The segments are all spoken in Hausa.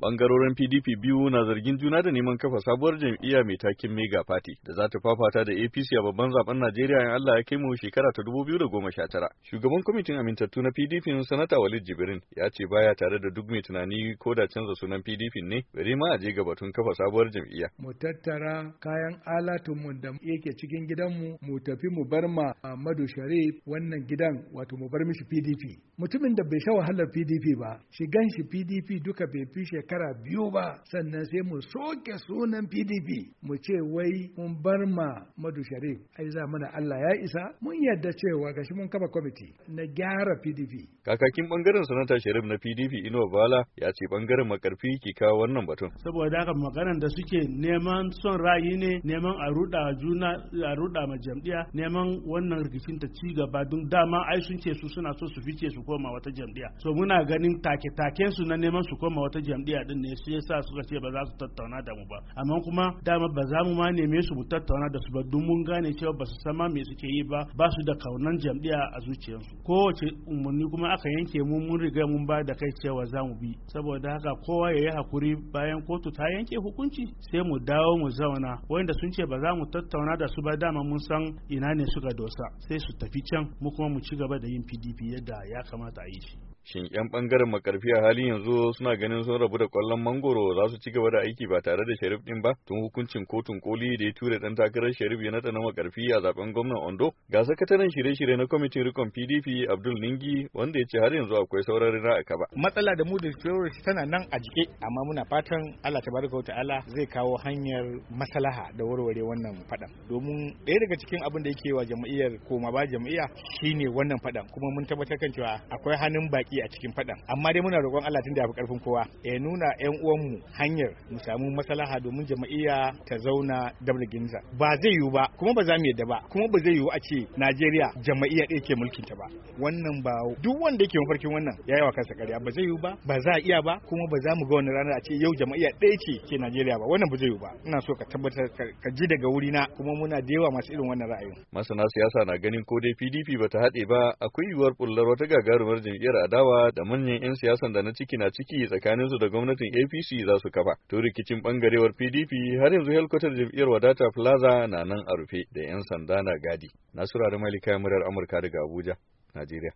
Bangarorin PDP biyu na zargin juna da neman kafa sabuwar jam'iyya mai takin Mega Party da za ta fafata da APC a babban zaben Najeriya in Allah ya kai mu shekara ta tara. Shugaban kwamitin amintattu na PDP sanata Walid Jibrin ya ce baya tare da duk mai tunani ko da canza sunan PDP ne bari ma a je ga batun kafa sabuwar jam'iyya. Mu tattara kayan alatunmu da yake cikin gidanmu mu tafi mu bar ma Ahmadu Sharif wannan gidan wato mu bar mishi PDP. Mutumin da bai sha wahalar PDP ba, shigan shi PDP duka bai fi shekara biyu ba sannan sai mu soke sunan pdp mu ce wai mun bar ma madu sharif ai za mana allah ya isa mun yadda cewa gashi mun kafa kwamiti na gyara pdp kakakin bangaren sanata sharif na pdp ino bala ya ce bangaren makarfi ki kawo wannan batun saboda haka maganar da suke neman son ra'ayi ne neman a ruda juna a ruda ma jam'iyya neman wannan rikicin ta ci gaba don dama ai sun ce su suna so su fice su koma wata jam'iyya so muna ganin take-taken su na neman su koma wata jam'iyya najeriya din ne su yasa suka ce ba za su tattauna da mu ba amma kuma dama ba za mu ma neme su mu tattauna da su ba don mun gane cewa ba su sama me suke yi ba ba su da kaunan jam'iyya a zuciyarsu kowace umarni kuma aka yanke mu mun riga mun ba da kai cewa za mu bi saboda haka kowa ya yi hakuri bayan kotu ta yanke hukunci sai mu dawo mu zauna wanda sun ce ba za mu tattauna da su ba dama mun san ina ne suka dosa sai su tafi can mu kuma mu ci gaba da yin pdp yadda ya kamata a yi shi shin 'yan bangaren makarfi a halin yanzu suna ganin sun rabu da kwallon mangoro za su ci gaba da aiki ba tare da sharif ɗin ba tun hukuncin kotun koli da ya tura dan takarar sharif ya nata na makarfi a zaben gwamnan ondo ga sakataren shirye-shirye na kwamitin rikon pdp abdul ningi wanda ya ce har yanzu akwai sauran rina a matsala da mu da security tana nan a jike amma muna fatan allah tabaraka ta'ala zai kawo hanyar maslaha da warware wannan faɗan. domin ɗaya daga cikin abin da yake wa jama'iyyar koma ba jam'iyya shine wannan fadan kuma mun tabbatar kan cewa akwai hannun baki ciki a cikin faɗan amma dai muna roƙon Allah tunda da ya fi ƙarfin kowa ya nuna 'yan uwanmu hanyar mu samu maslaha domin jama'iyya ta zauna dabda ginza ba zai yiwu ba kuma ba za mu yadda ba kuma ba zai yiwu a ce Najeriya jama'iyya ɗaya ke mulkin ta ba wannan ba duk wanda yake mafarkin wannan ya yawa kansa ƙarya ba zai yiwu ba ba za a iya ba kuma ba za mu ga wani rana a ce yau jama'iyya ɗaya ce ke Najeriya ba wannan ba zai yiwu ba ina so ka tabbatar ka ji daga wuri na kuma muna da yawa masu irin wannan ra'ayin masana siyasa na ganin ko dai PDP ta haɗe ba akwai yiwuwar bullar wata gagarumar jam'iyyar adawa adawa da manyan 'yan siyasan da na ciki na ciki tsakaninsu da gwamnatin APC za su kafa. To rikicin bangarewar PDP har yanzu helkwatar jam'iyyar Wadata Plaza na nan a rufe da 'yan sanda na gadi. Nasura da Malika murar Amurka daga Abuja, Najeriya.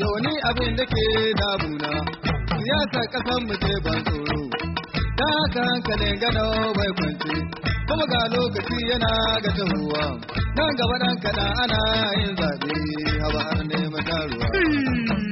Yawani abin da ke damuna, siyasa kasan mu ce ban tsoro. Ta hankalin gano bai kwance, kuma ga lokaci yana ga tahowa. Nan gaba nan kaɗa ana yin zaɓe, hawa har neman taruwa. Hmm.